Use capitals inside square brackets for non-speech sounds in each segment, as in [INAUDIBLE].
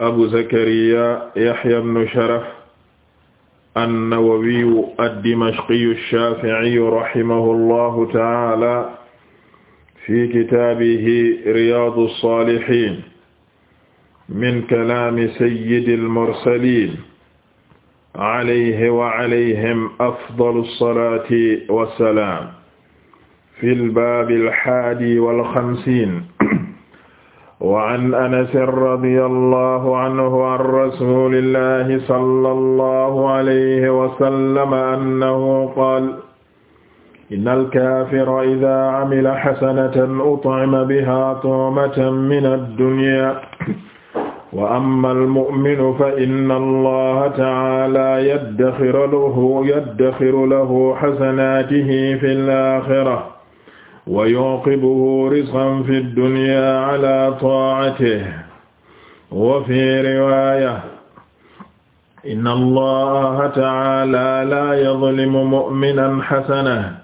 abu zakariya yahya ibn sharaf annawawiyu ad-dimashqiyu ash-shafi'iyu rahimahu allahu ta'ala fi kitaabihi riyaadu as-saalihiin min kalaami sayyidil mursaliin alayhi wa alayhim afdalu as-salaati wa salaam fil baabil haadi wal khamsiin wa an anas radiyallahu anhu an rasulillahi sallallahu alayhi wa sallam annahu qaala innal kaafira idaa amila hasanatan ut'ima bihaa tu'matan mina dunyaa wa ammal mu'minu fa inna allaha ta'aalaa yaddaxiru lahu yaddaxiru lahu hasanaatihi fil aaxira wa yuqibuhu rizqan fi dunya ala ta'atihi wa fi riwaya inna allaha ta'ala la yadhlimu mu'minan hasanatan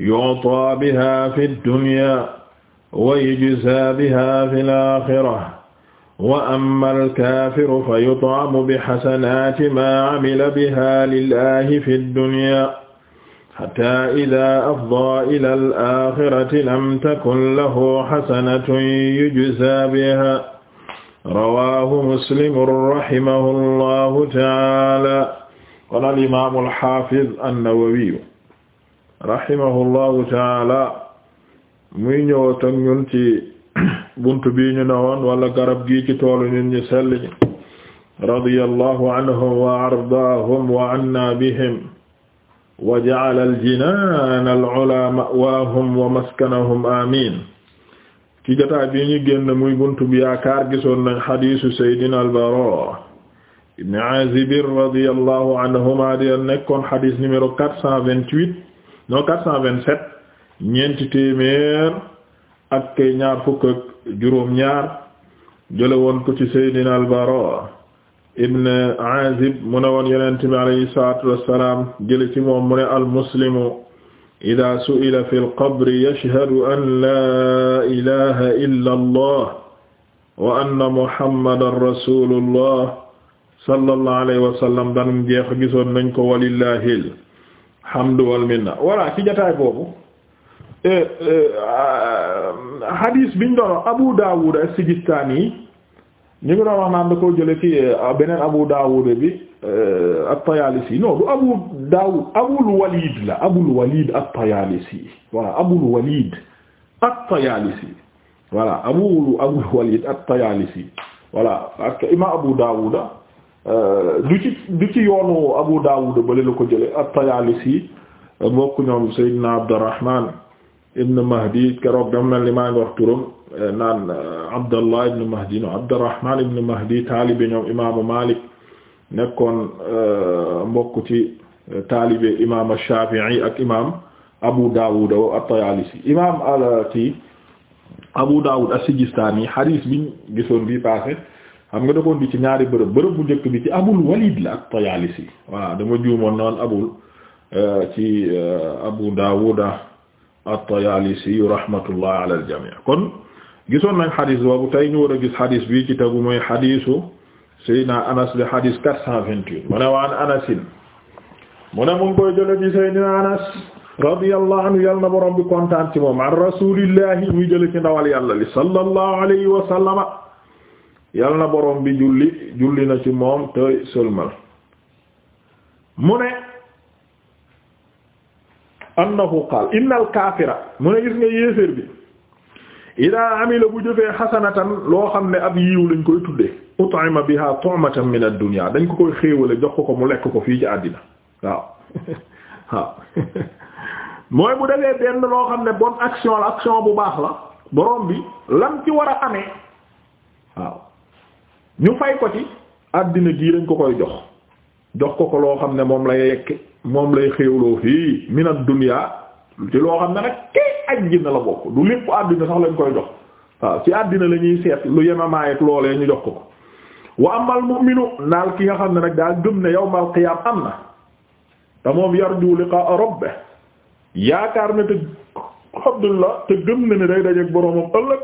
yu'ta biha fi dunya wa yujza biha fil akhirah wa amma al-kafiru fayut'amu bi hasanati ma 'amila biha lillahi fi dunya xataa idaa afdaa ilal aaxirati lam takun lahu xasanatun yujzaa bihaa rawaahu muslim rahimahu llahu taala qaala al imaam al xaafiz an-nawawi rahimahu llahu taala muy ñëw tag ñun ci [CLEARS THROAT] buntu bi ñu newoon wala garab gi ci toolu ñun ñu sell ñi radiyallahu anhum wa ardaahum wa anna bihim waa ja'ala al-jinaan al-'ulaa ma'waahum wa maskanahum amiin ci bi ñu génn muy buntu bi yaakaar gisoon nañ xadiisu Seydina al-Baraa ibn Aazib radiyallahu anhumaa di nekkoon xadiis numéro 428 non 427 ñeenti téeméer ak ñaar fukk ak juróom ñaar jële woon ko ci Seydina al-Baraa ibn azib mu ne woon yonent bi alayhi salaatu wassalaam jële ci moom mu ne almuslimu ida su'ila fi lqabri yashhadu an laa ilaha illa allah wa anna muhammadan rasulullah sallallahu alayhi wa sallam danum jeex gisoon nañ ko walillahi alhamdu wal minna voilà ci jotaay boobu eh, eh, ah, hadis biñ doon Abu Dawud as-Sijistani ñu ngi doon wax naan da koo jële ki euh, beneen Abu Dawud bi euh, at-Tayalisi non du Abu Dawud Abul Walid la Abul Walid at-Tayalisi voilà Abul Walid at-Tayalisi voilà Abul Abul Walid at-Tayalisi voilà ak imam Abu Dawud euh, du ci du ci yoonu Abu Dawud bale la ko jële at-Tayalisi mbokk ñoom Sayyidina Abdurrahman ibn Mahdi keroog dam mel maa ngi wax turam naan eh, Abdallah ibn Mahdi no Abdurrahman Malik nekkoon eh, mbokk ci eh, taalibe imaam Shafi'i ak imaam Abu Dawud at-Tayalisi imaam alati Abu Dawud as-Sijistani xadiis biñ gisoon bi passé xam nga dakoon di ci ñaari bërëb bërëb bu njëkk bi ci Abul Walid la at-Tayalisi voilà dama juumoon noon abul ci Abu Dawud at-Tayalisi rahmatullah ala al-jami' gisoon nañ xadis boobu tey ñu war a gis xadis bii ci mooy xadisu Seydina Anas de xadis 428 mu ne waan Anasin mu ne mu ngi koy Anas radiyallahu anhu yàlla na borom bi kontaan ci moom an rasulillahi muy jële ci ndawal yàlla li sallallahu alayhi wa sallama na borom bi julli julli na ci moom te sëlmal mu ne qaal innal kaafira mu gis nga yéeféer bi idaa amila bu jëfee xasanatan loo xam ne ab yiiw lañ koy tuddee ut'ima biha tu'matan min ad-dunya dañ ko koy xéewale jox ko ko mu lekk ko fii ci àddina waaw [LAUGHS] waaw [LAUGHS] mooy bu defee benn loo xam ne bonne action la action bu baax la borom bi lam ci war a amee waaw ñu fay ko ci àddina gii dañ ko koy jox jox ko ko loo xam ne moom lay yekk moom lay xéewloo fii min ad-dunya ci loo xam ne nag na la bokk du lépp àddina sax lañ koy jox waaw ci àddina lañuy seet lu yemamaay ak loolee ñu jox ko ko wa amal mu'minu naal ki nga xam ne rek daal gëm ne yawmal qiyaam am na te moom yarju liqaa rabbih yaakaar na te Abdullah te gëm na ne day dajeek boroomam ëllëg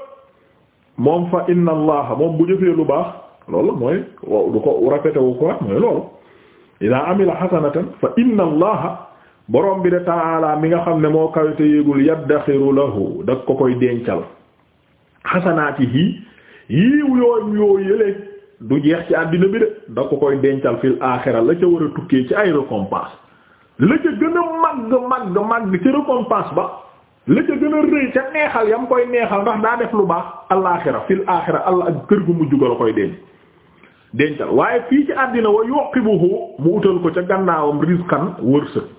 moom fa inna allaha moom bu jëfee lu baax loolu mooy du ko rafetewu ko mooy loolu idaa amila hasanatan fa inna allaha borom bi de taala mi nga xam ne moo kawite yéegul yaddaxiru lahu da ko koy dencal xasanaati hii yiiw yooyu yoo du jeex ci àddina bi de da ko koy dencal fil aaxira la ca war a tukkee ci ay récompense la ca gën a màgg màgg màgg ci récompense ba la ca gën a rëy ca neexal yam koy neexal ndax daa def lu baax alaaxira fil aaxira allah ak kër gu mujj ga la koy denc dencal waaye fii ci àddina wa yuqibuhu mu utal ko ca gannaawam rizqan wërsëg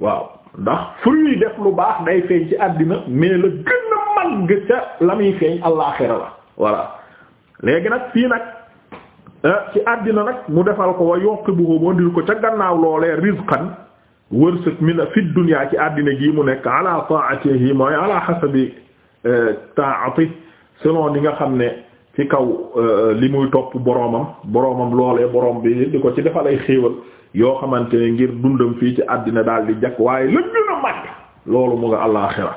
waaw ndax fruit yi def lu baax day feeñ ci àddina mais la gën a màgg ca la muy feeñ àllaaxira la voilà léegi nag fii nag eh, ci àddina nag mu defal ko wa yokk bu ko boo ko ca gannaaw loolee rizqan wërsëg min fi dunya ci àddina gii mu nekk ala ta'atihi mooy ala hasabi eh, ta'ati selon li nga xam ne ci kaw euh, li muy topp boroomam boroomam loolee boroom bi di ko ci defal ay xéewal yoo xamante ne ngir dundam fii ci àddina daal di jakk waaye lëm gën a loolu mu nga àllaaxira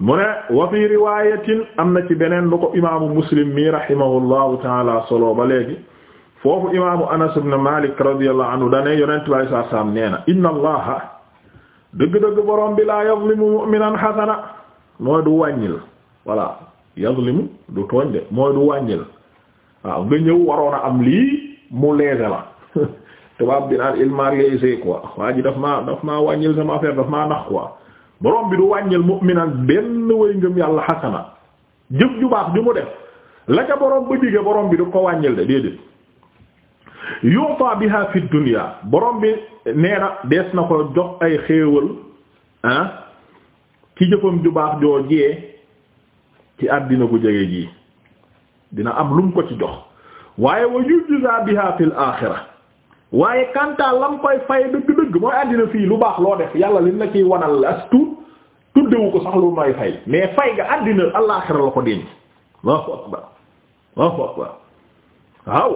mu ne wa fi riwayatin am na ci beneen lu ko imaamu muslim mi rahimahullahu taala solo ba léegi foofu imaamu anas ibn malik radiyallahu anhu dane yonent bi saa saam nee na inna allaha dëgg-dëgg boroom bi laa yazlimu mu'minan xasana mooy du wàññil voilà yazlimu du tooñ de mooy du wàññil waaw nga ñëw waroon a am lii mu leese la [LAUGHS] tubaab bi naan il m'a lésé quoi waa ji daf maa daf maa wàññil sama affaire daf maa nax quoi borom bi du wàññil mu'minan benn way ngëm yàlla xasana jëf ju baax ju mu def la ca borom ba digge borom bi du ko wàññil de déedéet yu'ta biha fi dunya borom bi nee na dees na ko jox ay xéewal ah ci jëfam ju baax joojee ci àddina gu jege gi dina am lum ko ci jox waaye wa yujza biha fil axira waaye kanta lam koy fay dëgg-dëgg mooy àddina fii lu baax loo def yàlla lim la ciy wanal as tuut tuddewu ko sax lu may fay mais fay ga àddina alaaxira la ko denc allahu waaw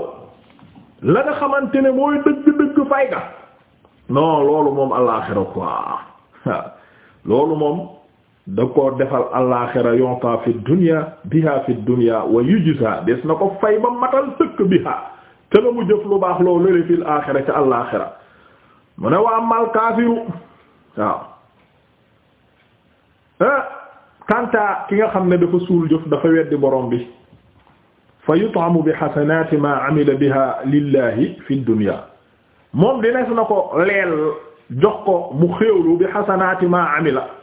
la nga xamante ne mooy dëgg-dëgg fay ga non loolu moom alaaxira quoi loolu moom. da koo defal allaaxira yonta fi dunya biha fi dunya wa yujza des na ko fay ba matal sëkk biha te la mu jëf lu baax loo lële fil aaxira ca allaaxira mu ne waa mal kaafiru ah kanta ki nga xam ne dafa suul jëf dafa weddi borom bi fa yut'amu bi xasanaati ma amila biha lillahi fi dunya moom dines na ko leel jox ko mu xéewlu bi xasanaati ma amila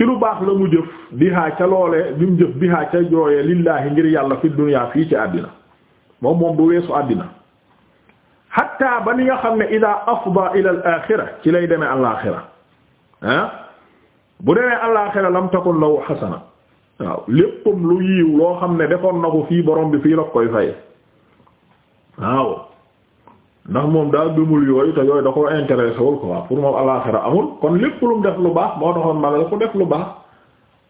ci lu baax la mu jëf bihaa ca loolee li mu jëf bihaa ca jooyee lillaahi ngir yàlla fi duniyaa fii ci àddina moom moom du weesu àddina xatta ba ni nga xam ne ida afda ila al ci lay demee al'axira ah bu demee al'axira lam takun law xasana waaw léppam lu yiiw loo xam ne defoon na ko fii borom bi fii la koy fay waaw ndax moom daa gëmul yooyu te yooyu da ko intéressé wul quoi pour moom alaaxira amul kon lépp lu mu def lu baax moo taxoon ma la ku def lu baax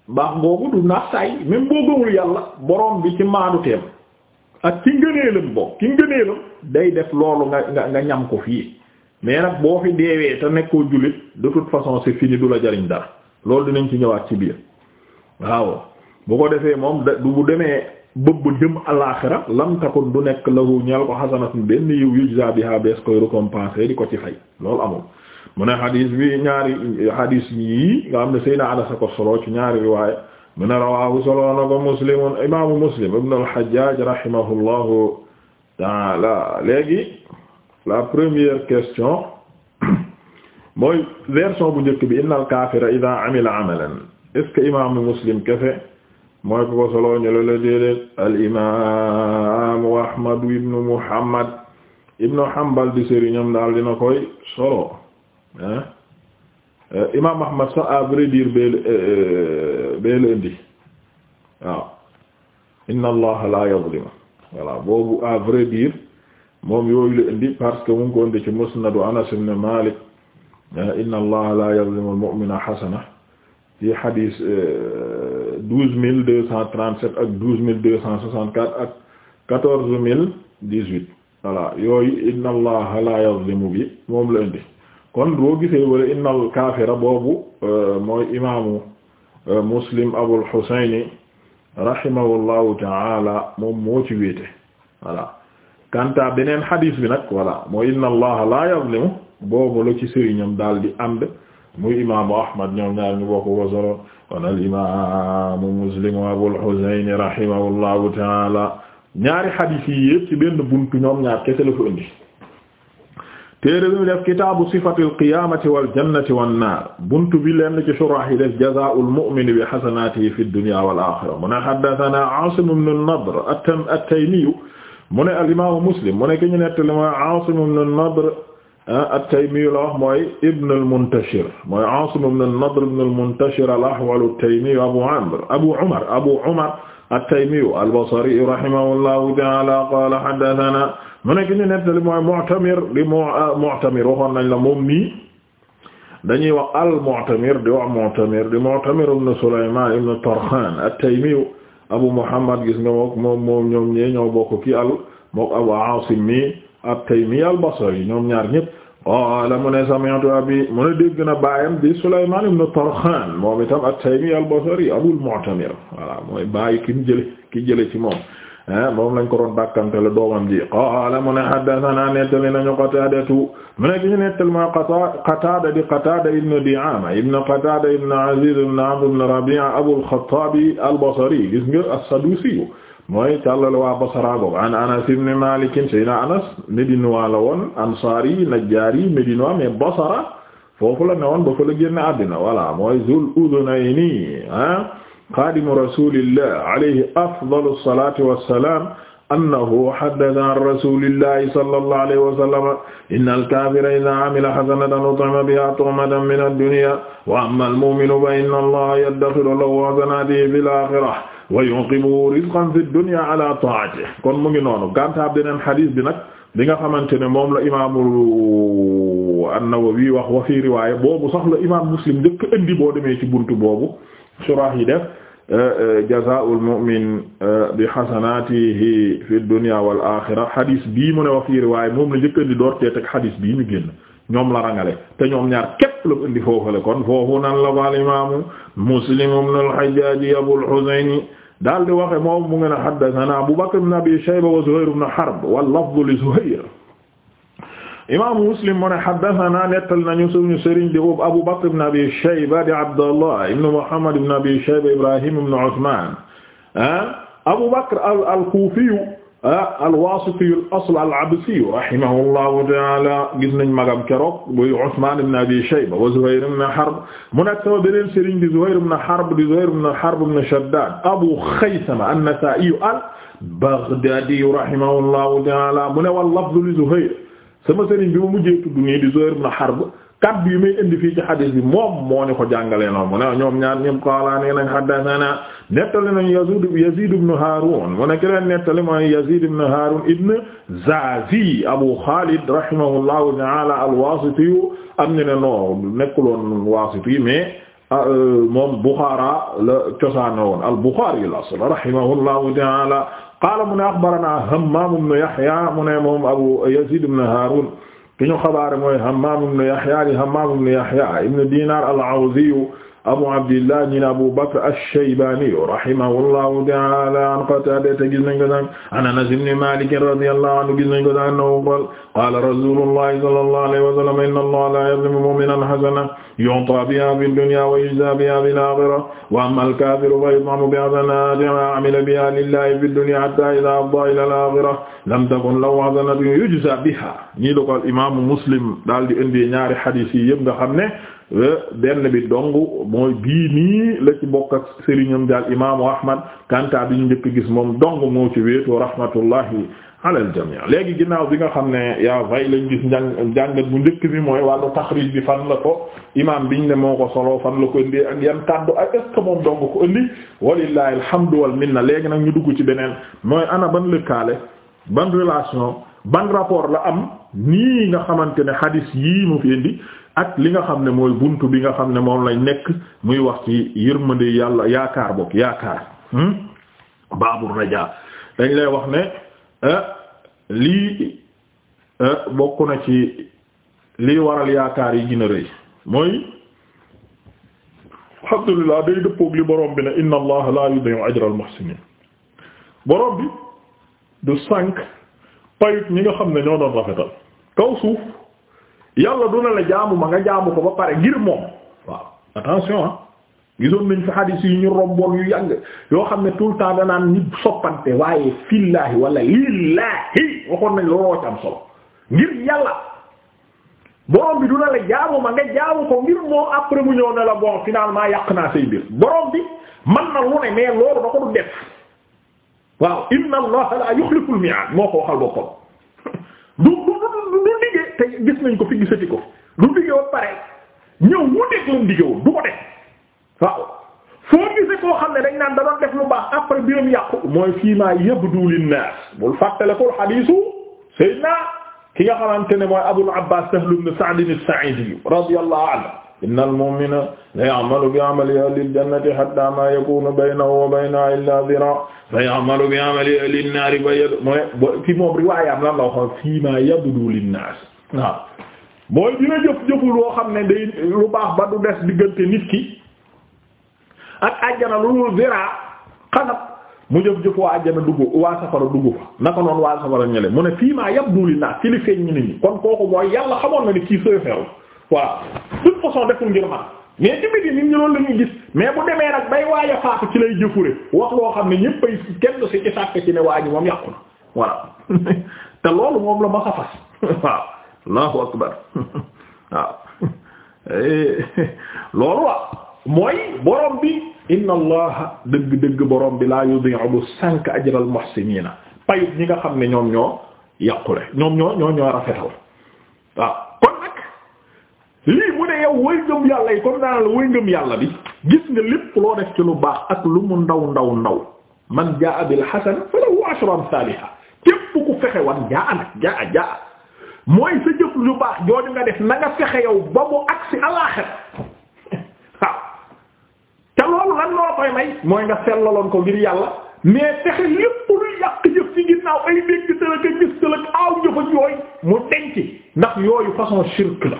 baax googu du nax saay même boo gëmul yàlla boroom bi ci maadu teem ak ci ngëneelam boo ci ngëneelam day def loolu nga nga nga ñam ko fii mais nag boo fi deewee te nekkoo jullit de toute façon c'est fini du la jariñ dara loolu dinañ ci ñëwaat ci biir waaw bu ko defee moom du bu demee bëbb jëm alaaxira lam takun du nekk lahu ñeel ko xasanatun benn yiw yujza biha bees koy récompenser di ko ci fay loolu amul mu ne xadis bi ñaari xadis yi nga xam ne Seydina Anas ko solo ci ñaari riwaaya mu ne rawahu solo na ko muslimun imaamu muslim ibnu al-Hajjaj rahimahullahu taala léegi la première question [COUGHS] mooy version bu njëkk bi inna al-kaafira idaa amila amalan que imaamu muslim kefe mooy ko ko solo ñëla la déedéet al imaamu ahmadu ibnu muhammad ibnu hanbal di sëriñam daal dina koy solo hein eh, imam ahmad sax à vrai dire bel eh, eh, bel indi waaw inna allaha la yadlimu voilà boobu à vrai dire moom yooyu la indi parce que mu ngi ko indi ci musnadu anas ibn malik inna allaha la yadlimu al mu'mina hasana fi hadith douze mille deux cent trente-sept ak douze mille deux cent soixante-quatre ak quatorze mille dix-huit voilà yooyu inna allaha la yazlimu bi moom la indi kon boo gisee wala innal kaafira boobu euh, mooy imaamu euh, muslim abul husayni rahimahullahu taala moom moo ci wéete voilà kanta beneen xadiis bi nag voilà mooy inna allaha la yazlimu boobu la ci sëriñam daal di ànd muy imaamu ahmad ñoom ñaar ñu bokk wasolo kon al imaamu Muslim Abul Husayn rahimahullahu taala ñaari xadiis yi yëpp ci benn buntu ñoom ñaar kese la ko indi téere bi mu def kitaabu sifatil qiyaamati wal jannati wan naar buntu bi lenn ci shuraax yi def jazaa'ul mu'mini bi xasanaatihi fi dunyaa wal aaxira mu ne haddasanaa Aasim ibnu Nadr at-Taymi mu ne al imaamu Muslim mu ne ki ñu nettali mooy Aasim ibnu Nadr Ah, at-Taymi la wax mooy Ibn al-Muntashir mooy Aasim ibn an-Nadr ibn al-Muntashir al-Ahwal at-Taymi Abu Amr Abu Umar Abu Umar at-Taymi al-Basri rahimahullahu ta'ala qala haddathana mu nekk ñu nettali mooy Mu'tamir di ah, Mu'tamir waxoon nañ la moom nii dañuy wax al-Mu'tamir di wax Mu'tamir di Mu'tamir ibn Sulayman ibn Tarkhan at-Taymi Abu Muhammad gis nga moom moom ñoom ñee ñoo bokk ki al moom Abu Aasim mi at-Taymi al-Basri ñoom ñaar ñépp qaala mu ne sami'tu abi mu ne dégg na baayam di Sulaymaan ibn Tarxaan moom itam at-Taymi al-Basri Abul Mu'tamir voilà mooy baayu ki mu jële ki jële ci moom ah, moom lañ ko doon dàkkantele doomam ji qaala mu ne haddathana nettali nañu Qataadatu mu ne ki ñu nettali ma Qataada di Qataada ibn Di'aama ibn Qataada ibn Aziz ibn Amr ibn Rabi'a Abul Khattaab al-Basri gis nga as-Sadusi mooy càllale waa Basra goog an Anas ibn Malik sayna Anas médinois la woon ansari najjaari médinois mais Basra foofu la ne woon ba fa la génn àddina voilà mooy Zul Udunayni ah xadimu rasulillah alayhi afdalu salatu wassalam annahu haddatha an rasulillahi sallallahu alayhi wa sallam inna al-kafira idha amila hasanatan ut'ima biha tu'matan min ad-dunya wa amma al-mu'minu fa inna allaha yadkhilu lahu hasanatihi fil akhirah wa yunqimu rizqan fi dunya ala ta'ati kon mu ngi noonu gantaab beneen xadiis bi nag bi nga xamante ne moom la imaamu an-Nawawi wax wa fi riwaaya boobu sax la imaam Muslim njëkk indi boo demee ci buntu boobu surah yi def jazaa'ul mu'min bi hasanatihi fi dunya wal axira xadiis bii mu ne wa fi riwaaya moom la njëkk indi door tee teg xadiis bii ñu génn ñoom la rangale te ñoom ñaar képp la indi foofale kon foofu nan la baal Muslim ibn al-Hajjaj Abul Husayn daal di waxe moom mu ngeen haddathana Abu Bakr ibn Abi Shayba wa Zuhayr ibn Harb wal lafzu li Zuhayr imaamu Muslim mu ne haddathana nettal nañu di boobu Abu Bakr Abi Shayba di Abdallah ibn Muhammad ibn Abi Shayba Ibrahim ibn Uthman ah, Abu Bakr al-Kufi Ah, al-Wasitiyu al-asl al-Absiyu rahimahullahu ta'ala gis nañ magam keroog muy Usmaan ibn Abi Shayba wa Zuhayr ibn Harb mu nekk sama beneen sëriñ di Zuhayr ibn Harb di Zuhayr ibn Harb ibn Shaddad Abu Khaythama an-Nasa'iyu al-Baghdadiyu rahimahullahu ta'ala mu ne wal lafzu li Zuhayr sama sëriñ bi mu mujjee tudd nii di Zuhayr ibn Harb kaddu yi may indi fii ci xadis bi moom moo ni ko jàngalee noonu mu ne ñoom ñaar ñëpp qaala nee nañ haddathana nettali nañ Yazid Yazid ibn Harun mu ne ki leen nettali mooy Yazid ibn Harun ibn Zazi Abu Khalid rahimahullahu ta'ala al-Wasiti am ñu ne non nekkuloon Wasiti mais ah, euh, moom Bukhara la cosaana woon al-Bukhari al-asl rahimahullahu ta'ala qaala mu ne akhbarana Hammam ibn Yahya mu ne moom Abu Yazid ibn Harun ki ñu xabaare mooy Hammaam ibn Yahya Hammaam ibn Yahya ibn Dinar al-Awzi abu abdillah ñi ne abu bakr ash-shaybani rahimahullahu ta'ala an qatada gis nañ ko sànq an anas ibn malik radiyallahu anhu gis nañ ko sànq annahu qala qala rasulullahi sallallahu alayhi wa sallam inna allaha la yadhlimu mu'minan hasanan yu'ta biha fid dunya wa yujza biha fil akhirah wa amma al-kafiru fa yut'amu bi hasanatin amila biha lillahi fid dunya hatta idha afda ila al-akhirah lam takun lahu hasanatun yujza biha ñi la ko al imam muslim daal di indi ñaari hadith yi yëpp nga xam ne Euh, benn bi dong mooy bii nii la ci bokk ak sëriñam daal imaamu Ahmad kanta bi ñu njëkk a gis moom dong moo ci wéetu rahmatullahi ala al jami' léegi ginnaaw bi nga xam ne yaa vay lañ gis njàng njàngat bu njëkk bi mooy wàllu taxrij bi fan la ko imaam biñ ne moo ko solo fan la ko indi ak yan kàddu ak est ce que moom dong ko indi walillahi alhamdu wal minna léegi nag ñu dugg ci beneen mooy ana ban lëkkaale ban relation ban rapport la am nii nga xamante ne hadis ak li nga xam ne mooy bunt bi nga xam ne moom lañ nekk muy wax ci yërmande yàlla yaakaar bokk yaakaar hmm? baabur rajaa dañ lay wax ne eh, lii eh, bokk na ci lii waral yaakaar yi gën rëy mooy alhamdulillah day dëppoog li borom bi ne inna allaha la yudi'u ajra al muhsinin borom bi du sànk payut ñi nga xam ne ñoo doon rafetal kaw suuf yàlla du na la jaamu ma nga jaamu ko ba pare ngir moom waaw attention ah gisoon nañ fi xadis yi ñu romboon yu yàgg yoo xam ne tout le temps danaan ñu soppante waaye fillaahi wala lillaahi waxoon nañ looloo ci am solo ngir yàlla borom bi du la jaamu ma nga jaamu ko ngir moom après mu ñëw ne la bon finalement yàq naa say biir borom bi man na lu ne mais loolu da ko du def waaw inna la yuxliful mi'ad moo ko waxal boppam [LAUGHS] du du du te gis nañ ko fi gisati ko lu diggee ba pare ñëw mu nekk lu mu diggee woon du ko def waaw foo gisee koo xam ne dañ naan da doon def lu baax après biiram yàqu mooy fii maa yabdu linnaas bul fàttalikul hadiisu sayyidina ki nga xamante ne mooy Abul Abbaas Sahl ibn Sa'd as-Saa'idi radiyallahu anhu innal mu'mina la ya'malu bi 'amali ahli al-jannati hatta ma yakunu baynahu wa baynaha illa dhira' fa ya'malu bi 'amali ahli an-naar mooy fi moom riwaayam lan la waxoon fii maa yabdu linnaas waaw mooy dina jëf jëfu loo xam ne day lu baax ba du des diggante nit ki ak àjjana lu dul zira xanab mu jëf jëf waa àjjana dugg waa safara dugg fa naka noonu waa safara ñële mu ne fii maa yab duuli naa ci li feeñ ñu nit ñi kon kooku mooy yàlla xamoon na ni kii sooy voilà toute façon deful ngir man mais ci biti nit ñi loolu la gis mais bu demee nag bay waaj a ci lay jëfure wax loo xam ne ñëpp ay kenn si ci sàkk ci ne waa ji moom yàqu na voilà [LAUGHS] te loolu la ma sa [LAUGHS] allahu akbar [LAUGHS] waaw eh, [LAUGHS] loolu wa mooy borom bi inna allah dëgg-dëgg borom bi laa yudi'u du sànk ajral muhsiniina payut ñi nga xam ne ñoom ñoo yàqule ñoom ñoo ñoo rafetal waaw kon nag lii mu ne yow way ngëm yàlla yi comme daanal way ngëm yàlla bi gis nga lépp loo def ci lu baax ak lu mu ndaw ndaw ndaw man jaa bil hasan falahu ashru amsaaliha képp ku fexe wan jaa nag jaa jaa mooy sa jëf lu baax jooju nga def nanga nga fexe yow ba mu agsi alaaxir waaw te loolu lan loo koy may mooy nga sellaloon ko ngir yàlla mais fexe lépp lu yàq jëf ci ginnaaw ay dégg tëlëk a gis tëlëk aaw jëfa yooyu mu denc ndax yooyu façon shirk la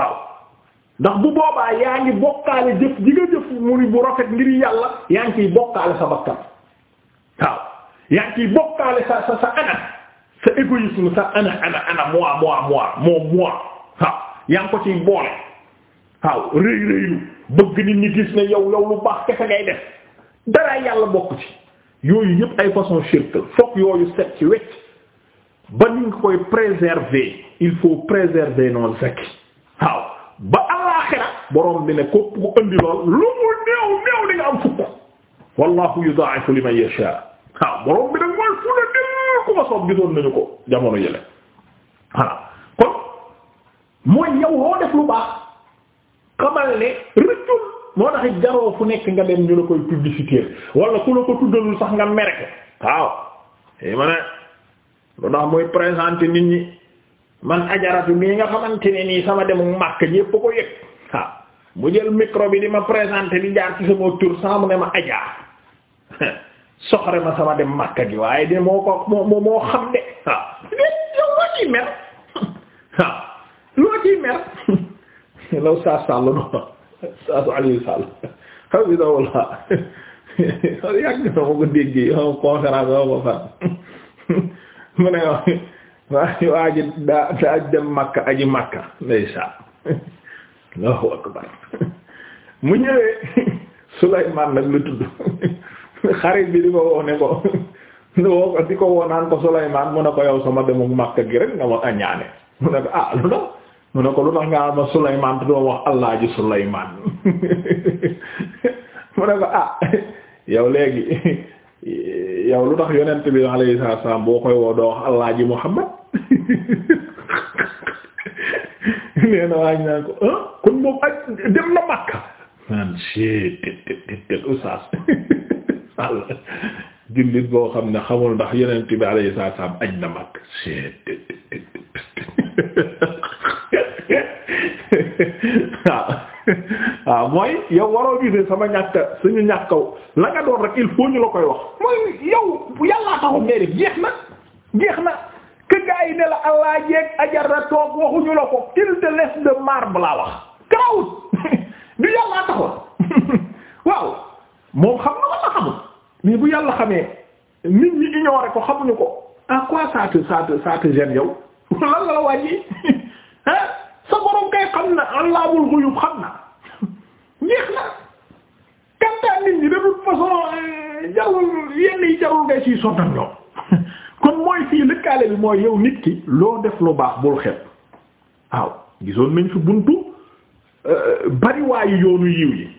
waaw ndax bu boobaa yaa ngi bokkaale jëf ji nga jëf mu ni bu rafet ngir yàlla yaa ngi ciy bokkaale sa bakkan waaw yaa ngi ciy bokkaale sa sa sa sa égoïsme sa ana ana ana moi moi moi moom moi waaw yaa ngi ko ciy boole waaw rëy rëylu bëgg nit ñi gis ne yow yow lu baax kese ngay def dara yàlla bokk ci yooyu yëpp ay façon shirk fokk yooyu set ci wecc ba ni nga koy préserver il faut préserver nos acquis waaw ba alaaxira borom bi ne ko ku andi lool lu mu néew néew di nga am fukk wallahu yudaa'ifu liman yashaa waaw borom bi ma soog gisoon nañu ko jamono yële voilà kon mooy yow loo def lu baax xamal ne rëccul moo tax jaroo fu nekk nga dem ñu la koy publicité wala ku la ko tuddalul sax nga mere ko waaw i eh, ma ne lu ndax mooy présenter nit ñi man ajaratu mii nga xamante ne nii sama dem màkk ñépp ko yëg mu jël micro bi di ma présenter di jaar ci sama tur sans ne ma ajaar [LAUGHS] soxre ma sama dem Makka gi waaye de moo ko moo moo de waaw yow loo mer waaw loo ciy mer law [LAUGHS] saa sàll noonu saa su Aliou Sall hafidahullah [LAUGHS] yàgg na ma ko déggee yow conférence yow ko fan [LAUGHS] mu ne waaye waa daa daa dem Makka aji Makka ndeysaan Allahu akbar mu ñëwee Sulaymaan nag lu tudd xarit bi di ko woo ne ko [LAUGHS] woo ko di ko woo naan ko Sulaymaan mu ne ko yow sama demu Makka gi rek nga ma añaane mu ne ko ah lu tax mu ne ko lu tax nga ma Sulaymaan te doo wax Allah ji Sulaymaan [LAUGHS] mu ko ah yow léegi lu tax yonent bi boo koy woo doo wax Allah ji [LAUGHS] kon moom aj dem na Makka naan si tit tit tit sàll jullit boo xam ne xamul ndax yonent bi alayhi salaam añ na mag waaw waaw mooy yow waroo gisee sama ñàkk suñu ñàkkaw la nga doon rek il ñu la koy wax mooy yow yàllaa taxu ngay def jeex na jeex na que gars allah jeeg ajarra toog waxuñu la ko il te laisse de marbre laa wax garawut [LAUGHS] du yàllaa taxoon [LAUGHS] waaw moom xam na la xamul mais bu yàlla xamee nit ñi ignoré ko xamuñu ko en quoi ça te ça te ça te yow [LAUGHS] lan la wàññi ah [LAUGHS] sa borom kay xam na allaamul xuyub xam na [LAUGHS] neex na kantaan nit ñi de façon eh, jarul yenn yi jarul ngay siy sonal ñoom kon mooy fii lëkkaale bi mooy yow nit ki loo def lu baax bul xet waaw gisoon nañ fi buntu euh, bariwaayu yoonu yiw yi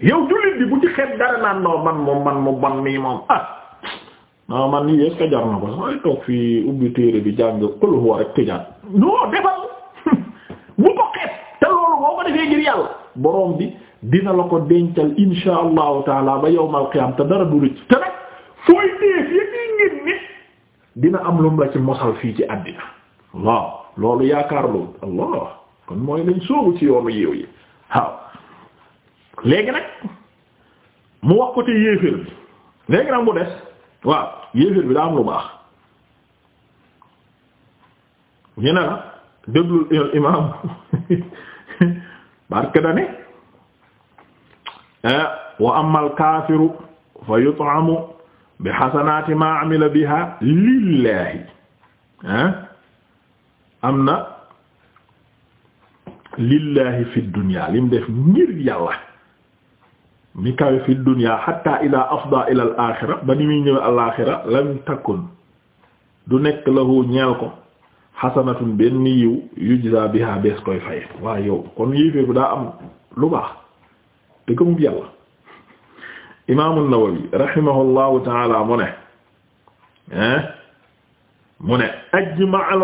yow jullit bi bu ci xet dara naan non man moom man mu bon mii moom ah man nii est jar na ko sooy toog fii ubbi téere bi jàng kul huwa rek tëjaat non defal [LAUGHS] bu ko xet te loolu boo ko defee ngir yàlla borom bi dina la ko dencal insha allahu taala ba yawmal qiyam te dara du rëcc te nag fooy dee fii ngeen ni dina am lum la ci mosal fii ci àddina waaw loolu yaakaar loolu allah kon mooy lañ soobu ci yoonu yiw yi waaw léegi nag mu wax ko bi léegi nag mu des waaw yéeféer bi daa lu baax ñu ne la déglu dane ah, wa amma al kaafiru fa bi xasanaati ma amila biha lillahi ah, am na lillahi fi dunya lim def mi kawe fi dunya hatta ida afda ila al ba ni muy ñëw al axira lam du nekk lahu ñeel ko xasanatun benn yiw yujza biha bees koy faye waa yow kon yéeféer bi daa am lu baax te gëmub yàlla imaamu Nawawi rahimahullahu taala mu ne hein mu ne ajma al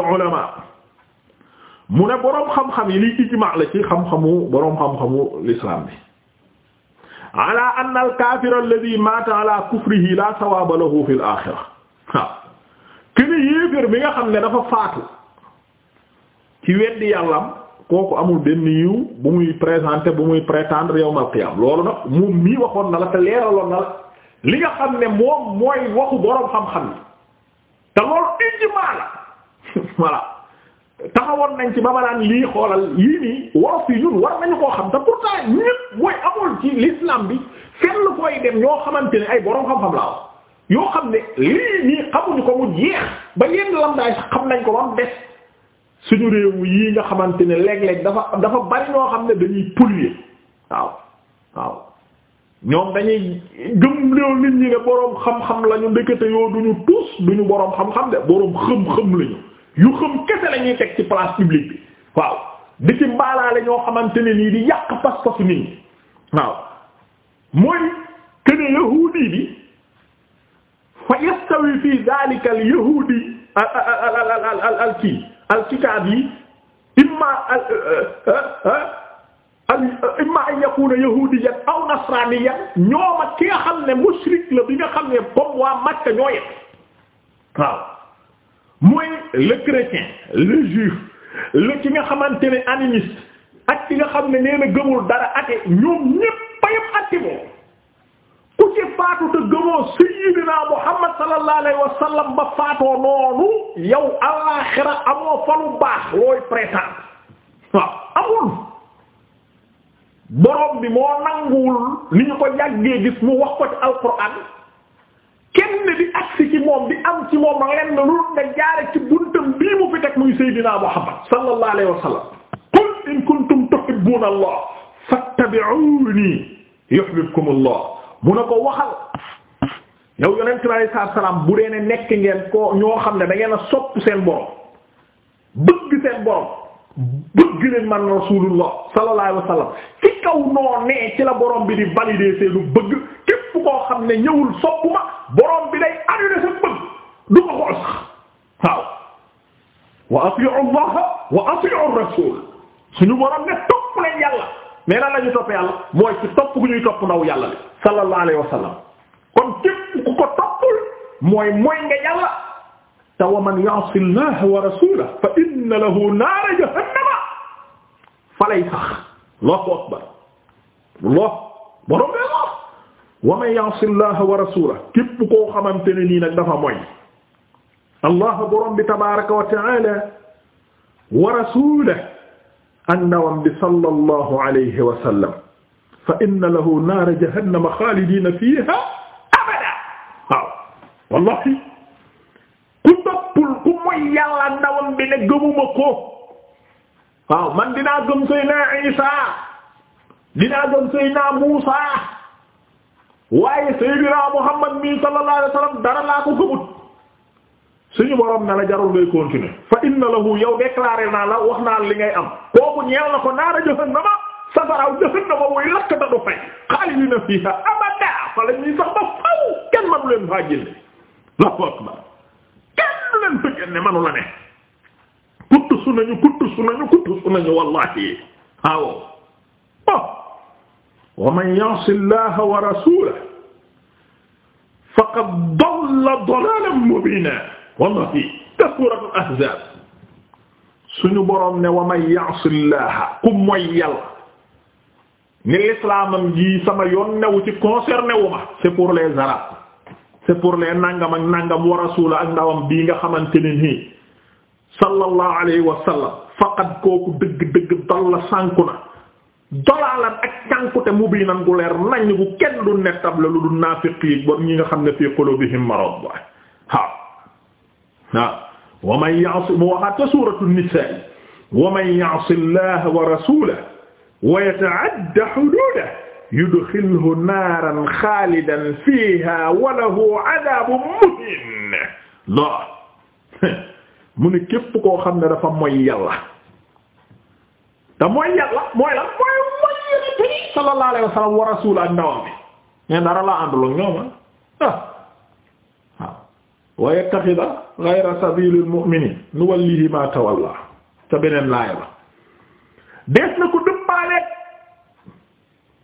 mu ne boroom xam-xam yi liy ijma la ci xam-xamu boroom xam-xamu l'islam bi ala anna al kaafir alladhi mata ala kufrihi la sawaaba lahu fil aaxira waaw kene yéeféer bi nga xam ne dafa faatu ci weddi yàllam kooku amul benn yiw bu muy présenter bu muy prétendre yawmal qiyaam loolu nag moom mii waxoon na la te leeraloon na la li nga xam ne moom mooy waxu boroom xam-xam ni te loolu ijmaa la [LAUGHS] voilà taxawoon nañ ci ba ma naan lii xoolal yii nii wolof yi ñun war nañu koo xam te pourtant ñëpp mooy amul ci l'islam bi fenn koy dem ñoo xamante ne ay borom xam yoo xam ne lii nii xamuñu ba xam nañ ko suñu réew yi nga xamante ne léeg-léeg dafa dafa bari ñoo xam ne dañuy polluer dañuy gëm réew nit ñi ne boroom xam-xam lañu ndekete yoo duñu tuus duñu boroom xam-xam de boroom xëm-xëm lañu. yu xam kese la ñuy teg ci place publique bi waaw di ci mbaalaale ñoo xamante ne nii di yàq pas-pasu nit ñi waaw mooy que ne yahudi bi fa yastawi fi dhalika al yahudi al kii al kitaab yi imma uh, uh, uh, imma an yakuna yahudiyan aw nasraniyan ñoom ak ki nga xam ne mushrik la bi nga xam ne comme waa Makka ñoo yet waaw mooy le chrétien le juif le ki nga xamante ni animiste ak ki nga xam ne nee na gëmul dara ate ñoom ñépp a yëpp atti moom ku ci faatu te gëmoo sayyidina Muhammad sallallahu alayhi wa sallam ba faatoo noonu yow alaaxira amoo fa lu baax looy prétendre waaw amul bi moo nanguwul li ñu ko yàggee gis mu wax ko ci alquran kenn di agsi ci moom di am ci moom lenn lu nga jaare ci buntam bii mu fi teg muy Seydina Muhammad sallallahu alayhi wa sallam qul in kuntum tuhibbuna Allah fattabi'uni yuhibbukum Allah mu ne ko waxal yow yonent bi alayhi salaatu salaam bu dee ne nekk ngeen ko ñoo xam ne da ngeen a sopp seen borom bëgg seen borom bëgg leen man rasulullah sallallahu alayhi wa sallam ci kaw noo nee ci la borom bi di valider seenu bëgg képp koo xam ne ñëwul soppuma borom bi day annulé sa bëgg du ko xool sax waaw wa ati'u Allah wa ati'u ar-rasul suñu borom ne topp leen yàlla mais lan la ñu topp yàlla mooy ci topp gu ñuy topp ndaw yàlla li sallallahu alayhi wa sallam kon képp ku ko toppul mooy mooy nga yàlla te wa man ya'si Allah wa rasulahu fa inna lahu naara jahannama falay sax Allahu akbar Allah borom wa man ya'si llaha wa rasulahu képp koo xamante ne nii nag dafa moy allah borom bi tabaaraka wa ta'ala wa rasulahu ak ndawam bi sallallahu alayhi wa sallam fa inna lahu naara jahannama xaalidiina fiiha abada waaw wallahi ku toppul ku moy yàlla ndawam bi ne gëmuma ko waaw man dinaa gëm Seydina Isa dinaa gëm Seydina Muusa waaye Seydina Muhammad mi sallallahu alayhi wasallam suñu borom ne la jarul ngay continuer fa lahu yow déclaré naa la wax naa li ngay am kooku ñeel na ko naara jahannama safaraw jahannama muy lakk da fay xaalidina fiha abada fa sax ba faw kenn manu leen faa génne Allahu akbar kenn leen fa ne kutt su nañu kutt su nañu kutt su nañu wallahi waaw oh. wa man ya'si Allah wa rasulahu faqad dalla dalalan mubina walla fii te suuratul ahzaab suñu boroom ne wa man ya'sillaha ku moy yàlla ni lislaamam ji sama yoon newu ci concerné wu ma c'est pour les arabes c'est pour les nangam ak nangam wa rasuula ak ndawam bii nga xamante ne nii sallallahu alayhi wa sallam kooku dëgg dëgg dalla sànku na dolaalan ak cànkute mubiinan gu leer nañ gu kenn du nettable lu du naafiq yi bon ñi nga xam ne fii qulubihim marad waaw waaw wa man ya'si mu waxaat suuratu nisaa wa man ya'si llaha wa rasulahu wa yata'adda huduudahu yudxilhu naaran xaalidan fiihaa wa lahu 'adaabun muhiin [LAUGHS] mu ne képp koo xam ne dafa moy yàlla te mooy yàlla mooy la mooy mooy yonent bi sallallahu alayhi wa sallam wa rasul ak bi mais dara laa àndul ak ñooma ah. ah waaw wa yattaxida ghayra sabilil mu'minin nuwallihi ma tawalla ca beneen laaya la des na ko dëppaaleet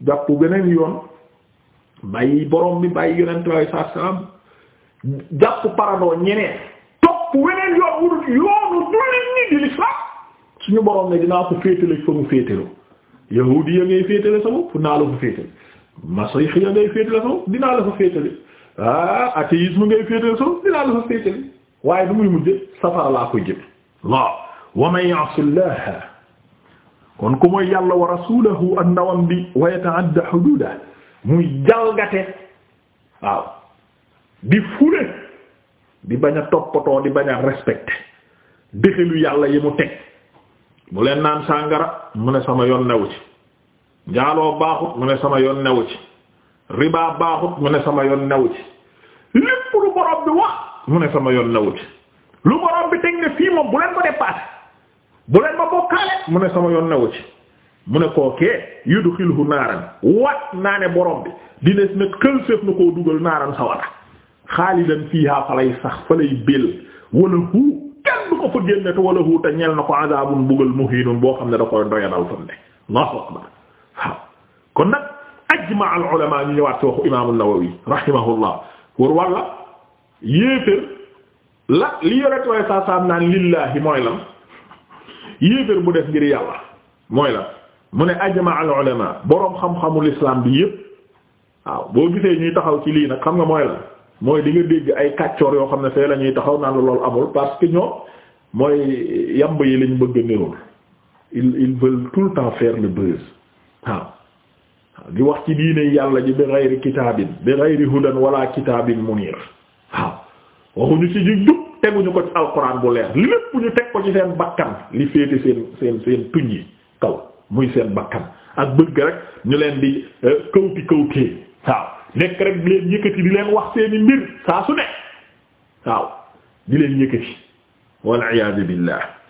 jàpp beneen yoon bàyyi borom bi bàyyi yonent bi sallallahu alayhi wa sallam jàpp ñeneen topp weneen yoon wurut yoonu dullit ñi di l'islam suñu borom ne dinaa ko féetale fa mu féetale yahudi ngay féetale sa bopp naa la ko féetale masiix ya ngay féetale sa dinaa la fa féetale ah athéisme ngay féetale sa dinaa la fa féetale waaw wa man ya'sillaha kon ku mooy yàlla wa rasulahu ak ndawam bi wa yata'adda hududa waaw di fule di bañ a toppatoo di bañ a respecté déxelu yàlla yi mu teg bu leen naan sàngara mu ne sama yoon newu ci njaaloo baaxut mu ne sama yoon newu ci riba baaxut mu sama yoon newu ci lépp lu borom bi wax mu ne sama yoon newu ci lu borom bi teg ne fii moom bu leen ko dépassé bu leen ma bokkaale mu ne sama yoon newu ci mu ne kookee yudxilhu naaran wat naa ne borom bi dina si ne kël séef na koo dugal naaran sawara xaalidan fiihaa falay sax falay bél wala hu du ko fa génne te wala huuta ñel na ko azabun bugal muhiinun boo xam ne da koy doyadal fa ne allahu akbar waaw kon nag ajma al ulama ñu ñëwaat ci waxu imaamu wala yéefér la li yoret way saa naan lillahi mooy lan bu def ngir yàlla mooy lan mu ne ajma al ulama boroom xam-xamul islam bi yépp waaw boo gisee ñuy taxaw ci lii nag xam nga mooy lan mooy di nga dégg ay kàccoor yoo xam ne fee la ñuy taxaw naan la loolu amul parce que ñoo mooy yamb yi lañu bëgg a nirool ils ils tout le temps faire le buzz waaw di wax ci diine yàlla ji bi gayri kitaabin bi gayri hudan wala kitaabin munir waaw waxuñu ci ju jub teguñu ko ci alquran bu leer lépp ñu teg ko ci seen bakkan li féete seen seen seen tuñ yi kaw muy seen bakkan ak bëgg rek ñu leen di euh, kawti kawtee waaw nekk rek leen yëkkati di leen wax seeni mbir saa su ne waaw di leen yëkkati wal iyaadu billah